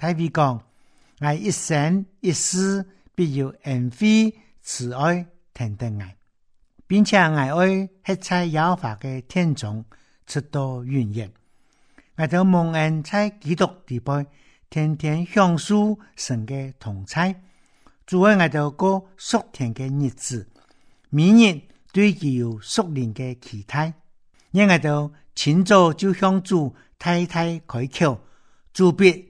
大衛講，我一生一世必有恩惠慈愛疼疼愛，並且我愛吃彩有花的天蟲，出多雲煙。我到蒙恩在基督地盤，天天享受神嘅同在，做喺我到過屬天的日子，每日對佢有屬靈的期待。因我到晨早就向主太太開口，主必。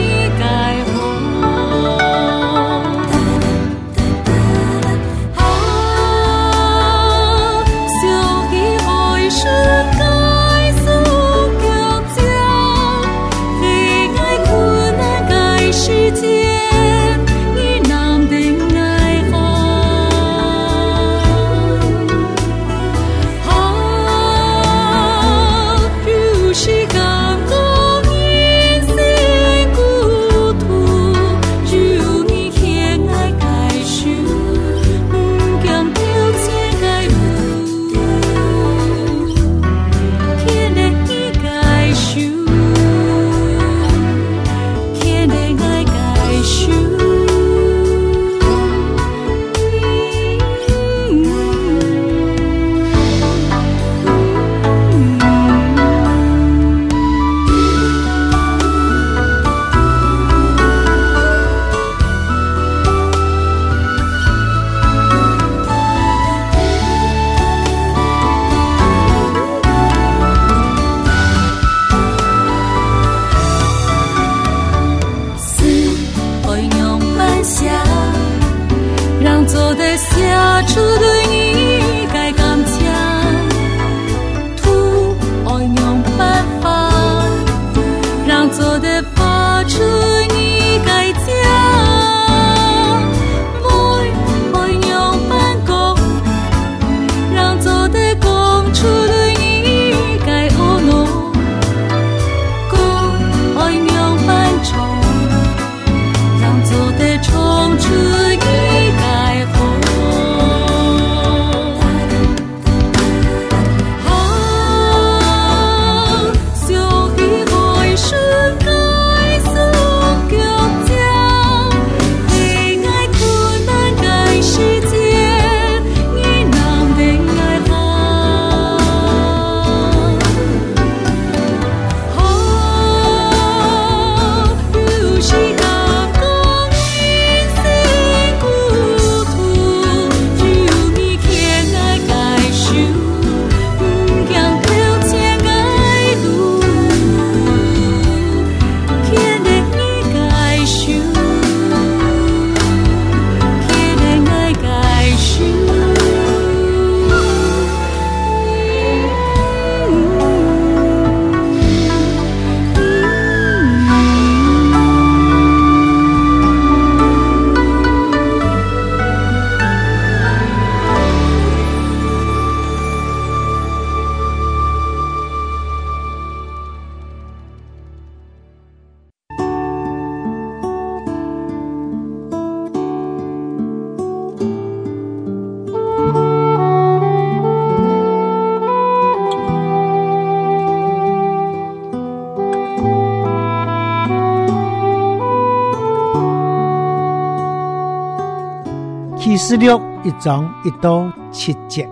啟示錄一章一到七節，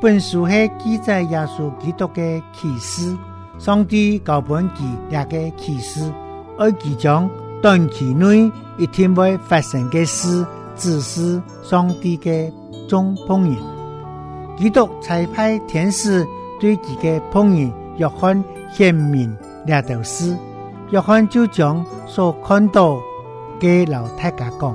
本書係記載耶穌基督嘅啟示。上帝告本記兩個啟示，而其中短期內一定會發生嘅事，只是上帝嘅眾僕人。基督差派天使對佢嘅僕人約翰顯明聊道事，約翰就將所看到嘅老太家講。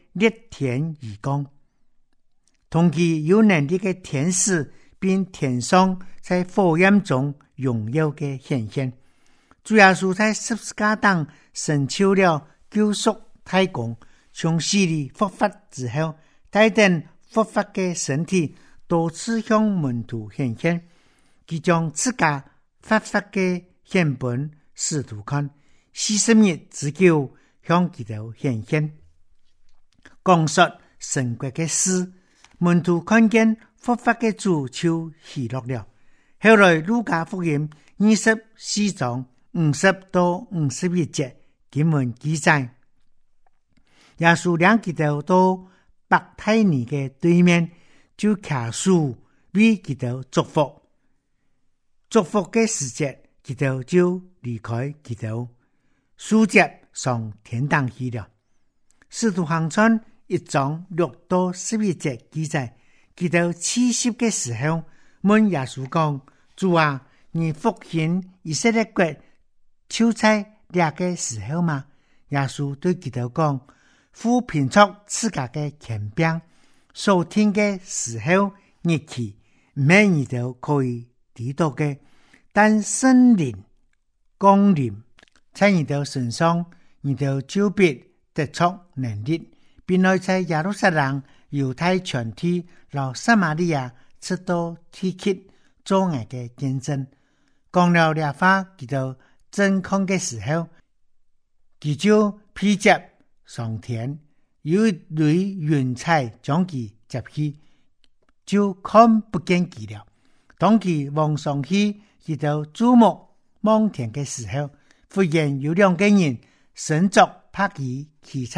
列填而講，同知有能力的天使，並添上在火焰中擁有的顯現。主耶穌在十字架當尋求了救贖，太公從死裏復活之後，帶登復活嘅身體多次向門徒顯現，佢將自家復活嘅樣本使徒，看，四十日之久向佢哋顯現。講述神國嘅事，門徒看見復活嘅主就喜樂了。後來儒家福音二十四章五十到五十一節，他們記載：耶穌領佢哋到伯太尼嘅對面，就下樹，為佢哋祝福，祝福嘅時節，佢哋就離開佢哋，舒節上天堂去了。使徒行傳。一種六到十一節記載，佢到七激嘅時候，問耶穌講：主啊，你復興以色列國超差叻嘅時候嗎？耶穌對佢哋講：富貧出自激嘅權柄，受天嘅時候日期，咩人都可以抵擋嘅，但聖靈、光靈，參與到神上二度招別得出能力。原來在耶路撒冷、猶太全體、老撒瑪利亞、直到地極作惡嘅見證，講了兩話，直到真空嘅時候，佢就披甲上天，有一類雲彩將佢接去，就看不見佢了。當佢望上去，直到注目望天嘅時候，忽然有兩個人身着白衣起出。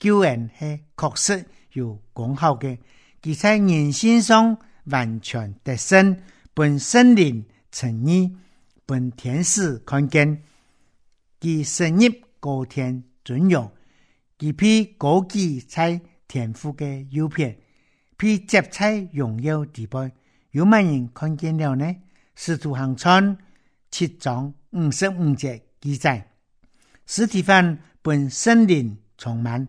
救人係確實有功效嘅，佢在人心上完全得勝。本森林承認，本天使看見佢神業高天尊榮，佢披高枝采天賦嘅優片，被摘採榮耀地寶，有乜人看見了呢？使徒行傳，七章五十五節記載，司提反本森林充滿。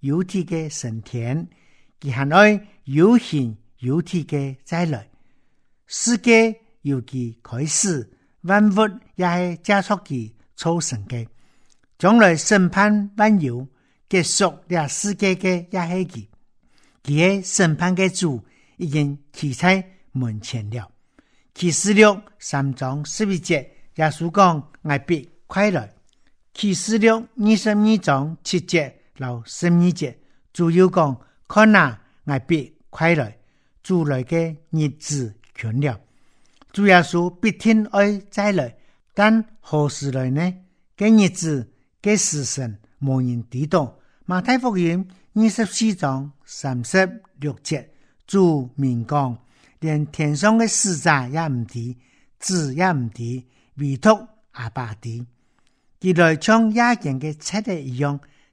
肉體嘅生天，佢含愛有限；肉體嘅再來，世界由佢開始，萬物也係加速佢產生嘅。將來審判萬有，結束了世界嘅也係佢。佢喺審判嘅主已經企喺門前了。啟示錄三章十二節也係講：「愛必快來」。啟示錄二十二章七節。老十二節，就要講可能挨別虧來，主來嘅日子窮了。主耶穌必定愛再來，但何時來呢？嘅日子嘅時辰，無人抵擋。馬太福音二十四章三十六節，主明講，連天上的使者也唔提，子也唔提，唯獨阿爸提。佢哋像夜間嘅車底一樣。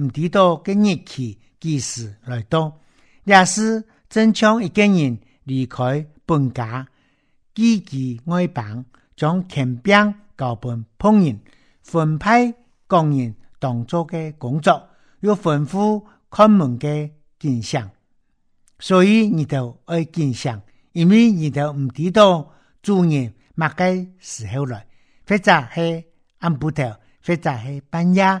唔知道今日起幾時嚟到來，也是增強一個人離開本家寄居外邦，將權柄交俾烹飪，分派工人當做嘅工作，有吩咐看門嘅景象。所以日頭愛景象，因為日頭唔知道主人乜嘅時候來，或者係暗晡頭，或者係半夜。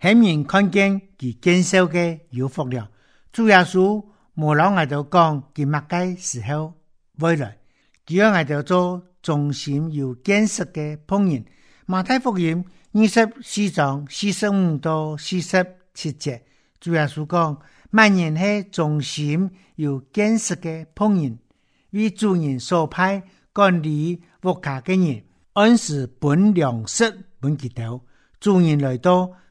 顯然看見佢堅守嘅，有福了。主耶穌無老外頭講佢麥雞時候未來，只要挨到做忠心有建設的僕人，馬太福音二十四章四十五到四十七節，主耶穌講：萬年係忠心有建設嘅僕人，為主人所派管理屋卡嘅人，按時本糧食本節頭，主人來到。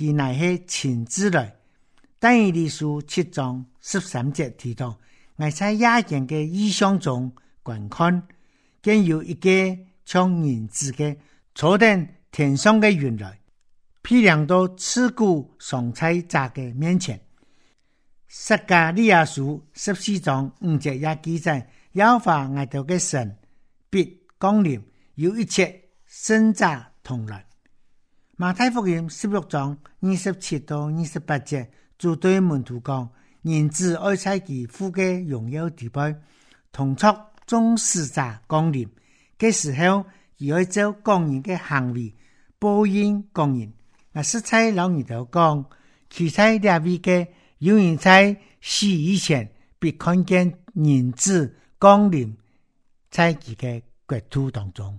其乃是親自來。但以理書七章十三節提到，我在夜間嘅異象中觀看，見有一個像人子嘅坐等天上嘅雲來，批量到屍骨上菜渣嘅面前。撒迦利亞書十四章五節也記載，要法外悼嘅神，必降臨，有一切神在同來。《馬太福音》十六章二十七到二十八節，主對門徒講：，人子愛妻忌夫嘅榮耀地盤，同錯中使者降臨嘅時候，而愛做降臨嘅行為，報應降臨。那十七老你頭講，其彩兩位嘅有言彩是以前必看見人子降臨妻子個國土當中。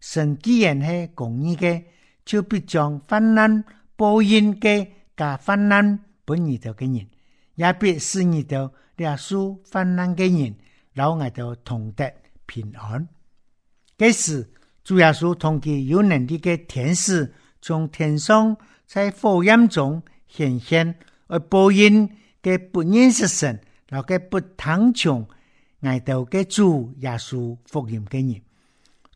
神既然係公義嘅，就必將患難，報應嘅，加患難畀你兜嘅人，也必使你兜耶穌患難嘅人，留喺度同得平安。屆時，主耶穌同佢有能力嘅天使，從天上在火焰中顯現，而報應嘅不認識神，留嘅不聽從，挨到嘅主耶穌福音嘅人。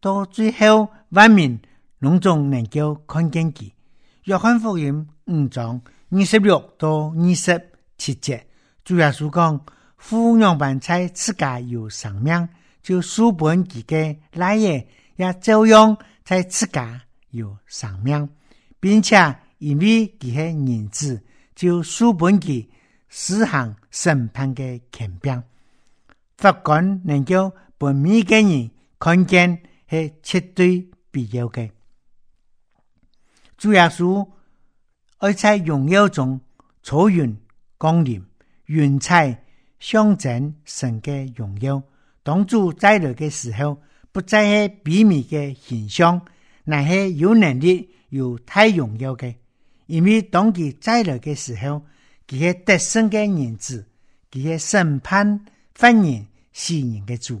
到最後，萬民攏總能夠看見佢。約翰福音五章二十六到二十七節主要是說講，婦娘飯菜自家有生命，就書本佢個來爺也照樣在自家有生命，並且因為佢是人子，就書本佢施行審判個權柄，法官能夠把每個人看見。是絕對必要嘅。主耶穌愛在榮耀中，駕雲降臨，雲彩象徵神嘅榮耀。當主再來嘅時候，不再係卑微嘅形象，乃是有能力、有大榮耀嘅。因為當佢再來嘅時候，佢係得勝嘅年子，佢係審判、罰人、試人嘅主。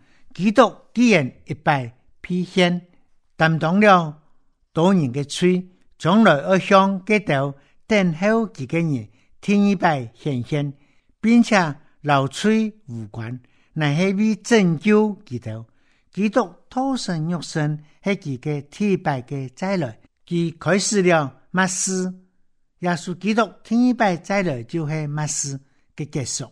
基督既然一拜，披獻，擔當了多年的罪，從來要向基頭等候幾個月，天一拜顯現，並且老罪無關，乃係為拯救基督，基督托身肉身，係佢個天拜的再來，佢開始了末世。耶穌基督天一拜再來，就係末世嘅結束。